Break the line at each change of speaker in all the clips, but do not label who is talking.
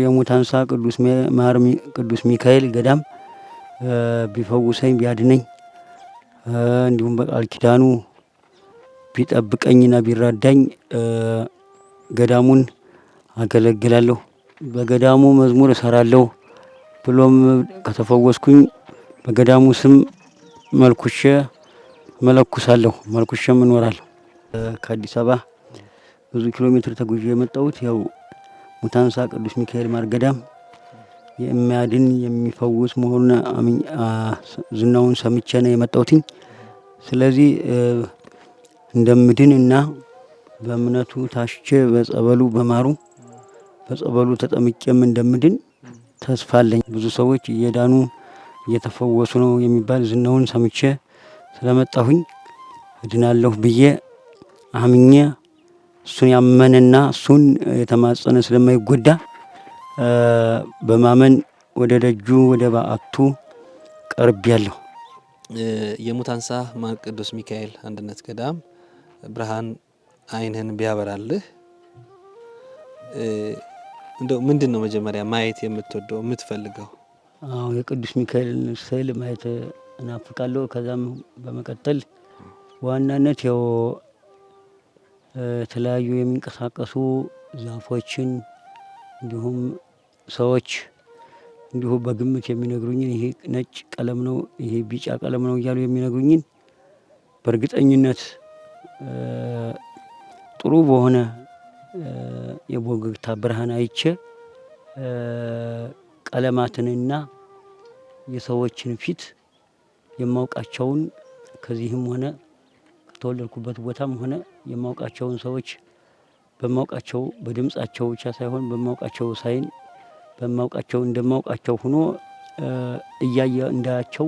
የሙታንሳ ቅዱስ መሐር ቅዱስ ሚካኤል ገዳም ቢፈውሰኝ ቢያድነኝ እንዲሁም በቃል ኪዳኑ ቢጠብቀኝና ቢራዳኝ ገዳሙን አገለግላለሁ። በገዳሙ መዝሙር እሰራለሁ። ብሎም ከተፈወስኩኝ በገዳሙ ስም መልኩሸ መለኩሳለሁ፣ መልኩሸም እኖራለሁ። ከአዲስ አበባ ብዙ ኪሎ ሜትር ተጉዤ የመጣሁት ያው ሙታንሳ ቅዱስ ሚካኤል ማርገዳም የሚያድን የሚፈውስ መሆኑን ዝናውን ሰምቼ ነው የመጣሁትኝ። ስለዚህ እንደምድን እና በእምነቱ ታሽቼ በጸበሉ በማሩ በጸበሉ ተጠምቄም እንደምድን ተስፋ አለኝ። ብዙ ሰዎች እየዳኑ እየተፈወሱ ነው የሚባል ዝናውን ሰምቼ ስለመጣሁኝ እድናለሁ ብዬ አምኜ እሱን ያመነና እሱን የተማጸነ ስለማይጎዳ በማመን ወደ ደጁ ወደ በዓቱ ቀርብ ያለው
የሙታንሳ ማር ቅዱስ ሚካኤል አንድነት ገዳም ብርሃን አይንህን ቢያበራልህ እንደው ምንድን ነው መጀመሪያ ማየት የምትወደው የምትፈልገው?
አዎ የቅዱስ ሚካኤልን ስዕል ማየት እናፍቃለሁ። ከዛም በመቀጠል ዋናነት ያው የተለያዩ የሚንቀሳቀሱ ዛፎችን እንዲሁም ሰዎች እንዲሁ በግምት የሚነግሩኝን ይሄ ነጭ ቀለም ነው፣ ይሄ ቢጫ ቀለም ነው እያሉ የሚነግሩኝን በእርግጠኝነት ጥሩ በሆነ የቦገግታ ብርሃን አይቼ ቀለማትንና የሰዎችን ፊት የማውቃቸውን ከዚህም ሆነ ከተወለድኩበት ቦታም ሆነ የማውቃቸውን ሰዎች በማውቃቸው በድምጻቸው ብቻ ሳይሆን በማውቃቸው ሳይን በማውቃቸው እንደማውቃቸው ሆኖ እያየ እንዳያቸው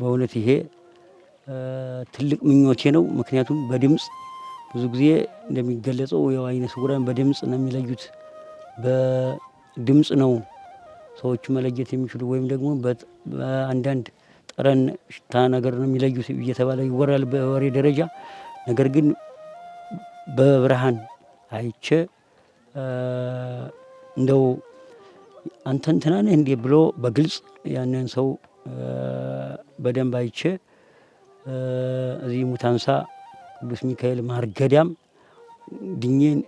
በእውነት ይሄ ትልቅ ምኞቴ ነው። ምክንያቱም በድምፅ ብዙ ጊዜ እንደሚገለጸው ያው አይነ ስውራን በድምፅ ነው የሚለዩት። በድምፅ ነው ሰዎቹ መለየት የሚችሉ ወይም ደግሞ አንዳንድ ጠረን፣ ሽታ ነገር ነው የሚለዩ እየተባለ ይወራል በወሬ ደረጃ። ነገር ግን በብርሃን አይቼ እንደው አንተ እንትና ነህ እንዴ ብሎ በግልጽ ያንን ሰው በደንብ አይቼ እዚህ ሙታንሳ ቅዱስ ሚካኤል ማርገዳም ድኜን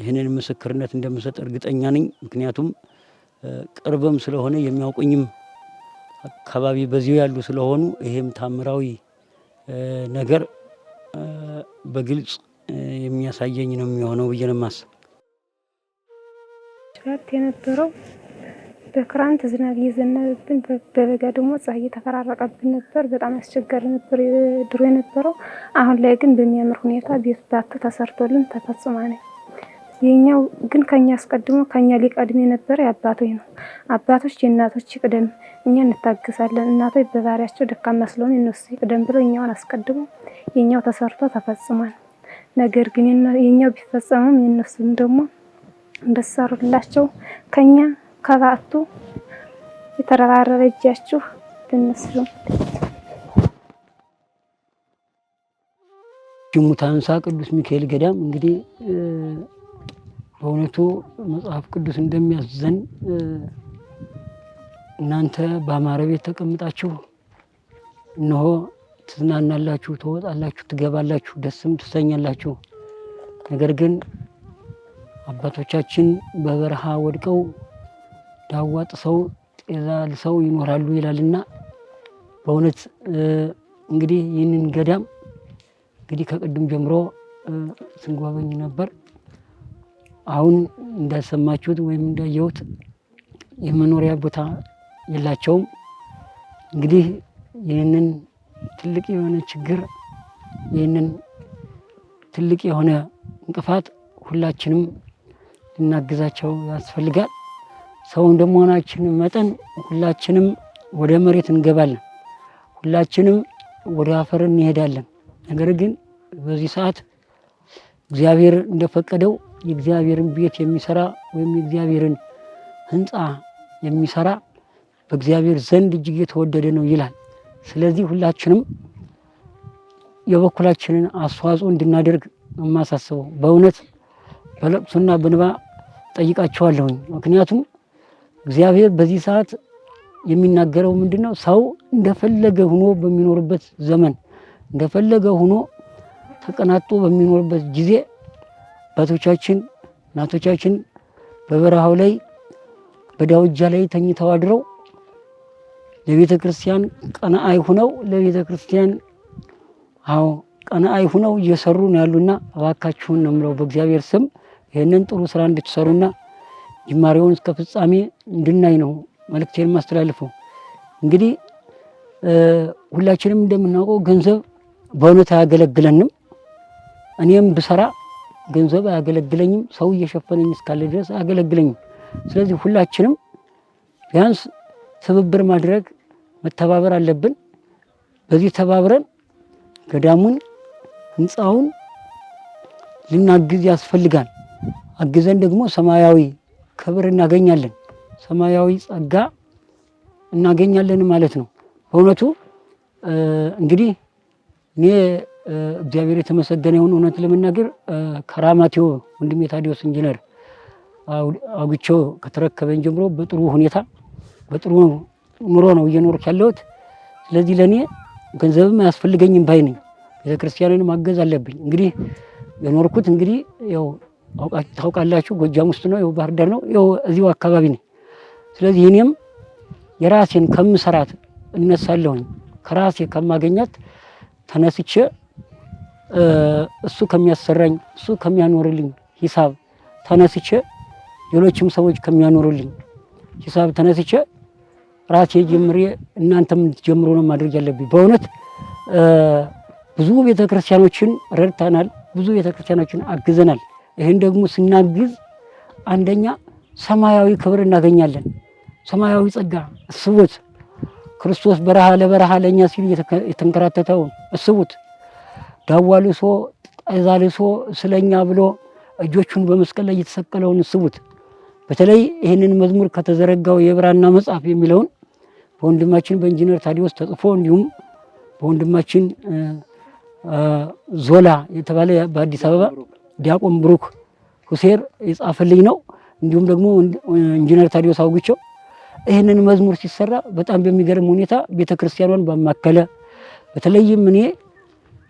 ይህንን ምስክርነት እንደምሰጥ እርግጠኛ ነኝ። ምክንያቱም ቅርብም ስለሆነ የሚያውቁኝም አካባቢ በዚሁ ያሉ ስለሆኑ ይሄም ታምራዊ ነገር በግልጽ የሚያሳየኝ ነው የሚሆነው ብዬ ነው የማስበው።
የነበረው በክረምት ዝናብ እየዘነበብን በበጋ ደግሞ ፀሐይ እየተፈራረቀብን ነበር። በጣም አስቸጋሪ ነበር ድሮ የነበረው። አሁን ላይ ግን በሚያምር ሁኔታ ቤት ባቶ ተሰርቶልን ተፈጽሟል። የኛው ግን ከኛ አስቀድሞ ከኛ ሊቀድም የነበረ አባቶች ነው። አባቶች የእናቶች ይቅደም፣ እኛ እንታግሳለን። እናቶች በባህሪያቸው ደካማ ስለሆነ እነሱ ይቅደም ብሎ እኛውን አስቀድሞ የኛው ተሰርቶ ተፈጽሟል። ነገር ግን የኛው ቢፈጸምም የእነሱም ደግሞ እንደሰሩላቸው ከኛ ከባቱ የተረባረበ እጃችሁ ብንስሉ
ሙታንሳ ቅዱስ ሚካኤል ገዳም እንግዲህ በእውነቱ መጽሐፍ ቅዱስ እንደሚያዘን እናንተ በአማረ ቤት ተቀምጣችሁ እነሆ ትዝናናላችሁ፣ ትወጣላችሁ፣ ትገባላችሁ፣ ደስም ትሰኛላችሁ። ነገር ግን አባቶቻችን በበረሃ ወድቀው ዳዋ ጥሰው ጤዛ ልሰው ይኖራሉ ይላልና በእውነት እንግዲህ ይህንን ገዳም እንግዲህ ከቅድም ጀምሮ ስንጎበኝ ነበር። አሁን እንዳሰማችሁት ወይም እንዳየሁት የመኖሪያ ቦታ የላቸውም። እንግዲህ ይህንን ትልቅ የሆነ ችግር ይህንን ትልቅ የሆነ እንቅፋት ሁላችንም ልናግዛቸው ያስፈልጋል። ሰው እንደመሆናችን መጠን ሁላችንም ወደ መሬት እንገባለን፣ ሁላችንም ወደ አፈር እንሄዳለን። ነገር ግን በዚህ ሰዓት እግዚአብሔር እንደፈቀደው የእግዚአብሔርን ቤት የሚሰራ ወይም የእግዚአብሔርን ህንፃ የሚሰራ በእግዚአብሔር ዘንድ እጅግ የተወደደ ነው ይላል። ስለዚህ ሁላችንም የበኩላችንን አስተዋጽኦ እንድናደርግ የማሳስበው በእውነት በለቅሶና በንባ ጠይቃቸዋለሁኝ። ምክንያቱም እግዚአብሔር በዚህ ሰዓት የሚናገረው ምንድን ነው? ሰው እንደፈለገ ሆኖ በሚኖርበት ዘመን እንደፈለገ ሆኖ ተቀናጦ በሚኖርበት ጊዜ አባቶቻችን እናቶቻችን በበረሃው ላይ በዳውጃ ላይ ተኝተው አድረው ለቤተ ክርስቲያን ቀናአይ ሁነው ለቤተ ክርስቲያን አዎ ቀናአይ ሁነው እየሰሩ ነው ያሉና እባካችሁን ነው የምለው በእግዚአብሔር ስም ይህንን ጥሩ ስራ እንድትሰሩና ጅማሬውን እስከ ፍጻሜ እንድናይ ነው መልእክቴን ማስተላልፈው። እንግዲህ ሁላችንም እንደምናውቀው ገንዘብ በእውነት አያገለግለንም። እኔም ብሰራ ገንዘብ አያገለግለኝም። ሰው እየሸፈነኝ እስካለ ድረስ አያገለግለኝም። ስለዚህ ሁላችንም ቢያንስ ትብብር ማድረግ መተባበር አለብን። በዚህ ተባብረን ገዳሙን፣ ህንፃውን ልናግዝ ያስፈልጋል። አግዘን ደግሞ ሰማያዊ ክብር እናገኛለን፣ ሰማያዊ ጸጋ እናገኛለን ማለት ነው። በእውነቱ እንግዲህ እኔ እግዚአብሔር የተመሰገነ ይሁን። እውነት ለመናገር ከራማቴዎ ወንድሜ ታዲዮስ ኢንጂነር አውግቾ ከተረከበኝ ጀምሮ በጥሩ ሁኔታ በጥሩ ኑሮ ነው እየኖርኩ ያለሁት። ስለዚህ ለእኔ ገንዘብም አያስፈልገኝም ባይ ነኝ። ቤተክርስቲያንን ማገዝ አለብኝ። እንግዲህ የኖርኩት እንግዲህ ያው ታውቃላችሁ፣ ጎጃም ውስጥ ነው፣ ባህር ዳር ነው፣ ያው እዚሁ አካባቢ ነኝ። ስለዚህ እኔም የራሴን ከምሰራት እነሳለሁኝ ከራሴ ከማገኛት ተነስቼ እሱ ከሚያሰራኝ እሱ ከሚያኖርልኝ ሂሳብ ተነስቼ ሌሎችም ሰዎች ከሚያኖሩልኝ ሂሳብ ተነስቼ ራሴ ጀምሬ እናንተም ጀምሮ ነው ማድረግ ያለብኝ። በእውነት ብዙ ቤተክርስቲያኖችን ረድተናል፣ ብዙ ቤተክርስቲያኖችን አግዘናል። ይህን ደግሞ ስናግዝ አንደኛ ሰማያዊ ክብር እናገኛለን። ሰማያዊ ጸጋ እስቡት። ክርስቶስ በረሃ ለበረሃ ለእኛ ሲል የተንከራተተውን እስቡት። ዳዋ ልሶ ጠዛ ልሶ ስለኛ ብሎ እጆቹን በመስቀል ላይ የተሰቀለውን ስቡት። በተለይ ይህንን መዝሙር ከተዘረጋው የብራና መጽሐፍ የሚለውን በወንድማችን በኢንጂነር ታዲዎስ ተጽፎ እንዲሁም በወንድማችን ዞላ የተባለ በአዲስ አበባ ዲያቆን ብሩክ ሁሴር የጻፈልኝ ነው። እንዲሁም ደግሞ ኢንጂነር ታዲዮስ አውግቸው ይህንን መዝሙር ሲሰራ በጣም በሚገርም ሁኔታ ቤተክርስቲያኗን ባማከለ በተለይም እኔ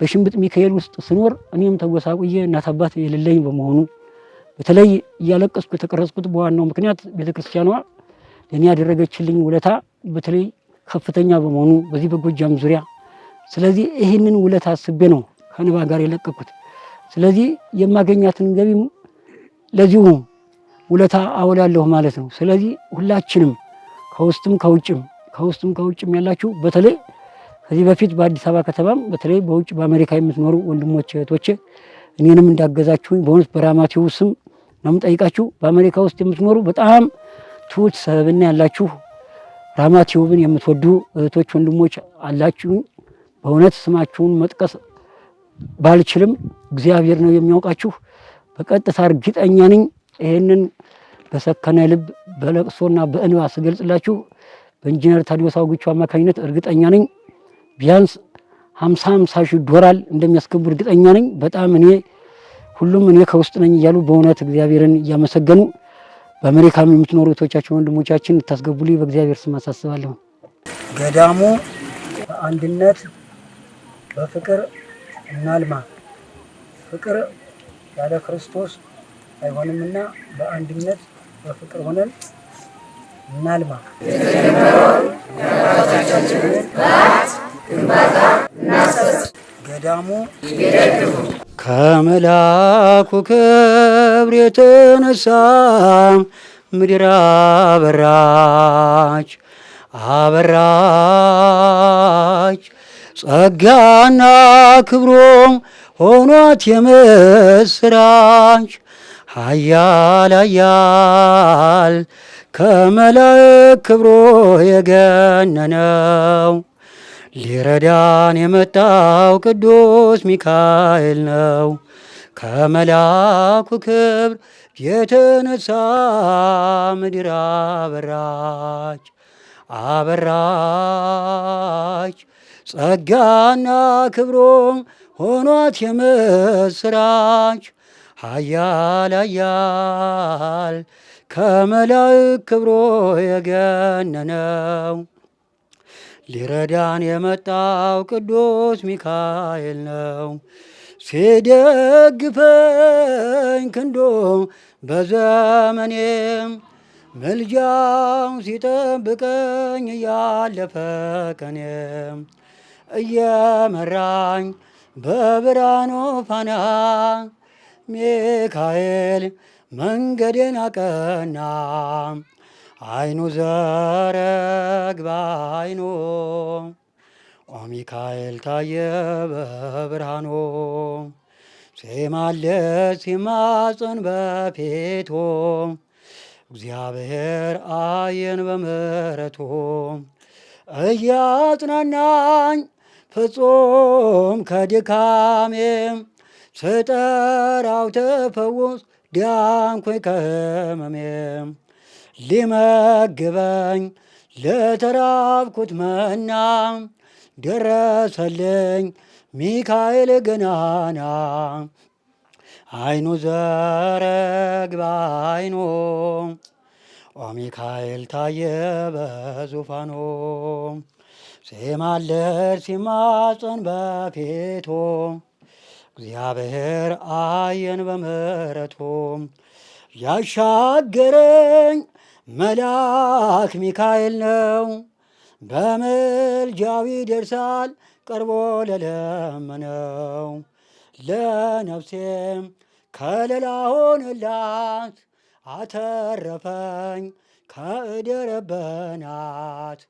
በሽምብጥ ሚካኤል ውስጥ ስኖር እኔም ተጎሳቁዬ እናት አባት የሌለኝ በመሆኑ በተለይ እያለቀስኩ የተቀረጽኩት በዋናው ምክንያት ቤተክርስቲያኗ ለእኔ ያደረገችልኝ ውለታ በተለይ ከፍተኛ በመሆኑ በዚህ በጎጃም ዙሪያ ስለዚህ ይህንን ውለታ አስቤ ነው ከንባ ጋር የለቀኩት። ስለዚህ የማገኛትን ገቢም ለዚሁ ውለታ አውላለሁ ማለት ነው። ስለዚህ ሁላችንም ከውስጥም ከውጭም ከውስጥም ከውጭም ያላችሁ በተለይ ከዚህ በፊት በአዲስ አበባ ከተማም በተለይ በውጭ በአሜሪካ የምትኖሩ ወንድሞች እህቶች እኔንም እንዳገዛችሁኝ በእውነት በራማቴው ስም ነው የምጠይቃችሁ። በአሜሪካ ውስጥ የምትኖሩ በጣም ትሑት ሰብና ያላችሁ ራማቴውብን የምትወዱ እህቶች ወንድሞች አላችሁ። በእውነት ስማችሁን መጥቀስ ባልችልም እግዚአብሔር ነው የሚያውቃችሁ። በቀጥታ እርግጠኛ ነኝ። ይህንን በሰከነ ልብ በለቅሶና በእንባ ስገልጽላችሁ በኢንጂነር ታዲዮስ አውግቸው አማካኝነት እርግጠኛ ነኝ ቢያንስ ሀምሳ ሀምሳ ሺህ ዶላር እንደሚያስገቡ እርግጠኛ ነኝ። በጣም እኔ ሁሉም እኔ ከውስጥ ነኝ እያሉ በእውነት እግዚአብሔርን እያመሰገኑ በአሜሪካም የምትኖሩ እህቶቻችን ወንድሞቻችን ልታስገቡልኝ በእግዚአብሔር ስም አሳስባለሁ።
ገዳሙ በአንድነት በፍቅር እናልማ። ፍቅር ያለ ክርስቶስ አይሆንምና በአንድነት በፍቅር ሆነን እናልማ።
ግንባታ እናሰስ
ገዳሙ
ከመላኩ ክብር የተነሳ ምድር አበራች አበራች ጸጋና ክብሮም ሆኗት የምስራች ሀያል ሀያል ከመላእክ ክብሮ የገነነው ሊረዳን የመጣው ቅዱስ ሚካኤል ነው። ከመላኩ ክብር የተነሳ ምድር አበራች አበራች ጸጋና ክብሮም ሆኗት የምስራች አያል ሀያል ከመላእክ ክብሮ የገነነው ሊረዳን የመጣው ቅዱስ ሚካኤል ነው። ሲደግፈኝ ክንዶ በዘመኔም ምልጃው ሲጠብቀኝ እያለፈ ቀኔም እየመራኝ በብርሃኑ ፋና ሚካኤል መንገዴን አቀና። አይኑ ዘረግባ አይኖ ኦ ሚካኤል ታየ በብርሃኖ ሴማለት ሲማጽን በፌቶ እግዚአብሔር አየን በምሕረቱ እያጽናናኝ ፍጹም ከድካሜም ስጠራው ተፈውስ ዳንኩኝ ከሕመሜም ሊመግበኝ ለተራብኩት መና ደረሰልኝ ሚካኤል ገናና አይኑ ዘረግ ባይኑ ኦ ሚካኤል ታየ በዙፋኑ ሴማለር ሲማፀን በፊቱ እግዚአብሔር አየን በምሕረቱ ያሻገረኝ መልአክ ሚካኤል ነው፣ በምልጃዊ ደርሳል ቀርቦ ለለመነው። ለነፍሴም ከለላ ሆነላት፣ አተረፈኝ ከእደረበናት